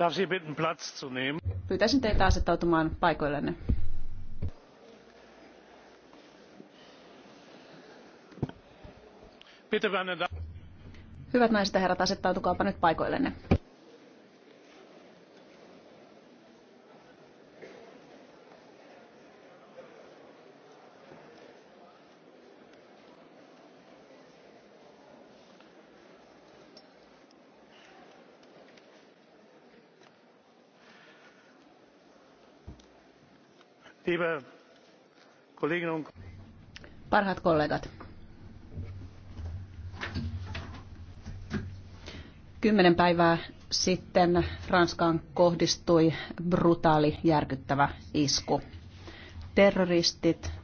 Darf Sie bitten, Platz zu nehmen? Pyytäisin teitä asettautumaan paikoillenne. Bitte, Hyvät naiset ja herrat, asettautukaapa nyt paikoillenne. Parhaat kollegat, kymmenen päivää sitten Ranskaan kohdistui brutaali järkyttävä isku. Terroristit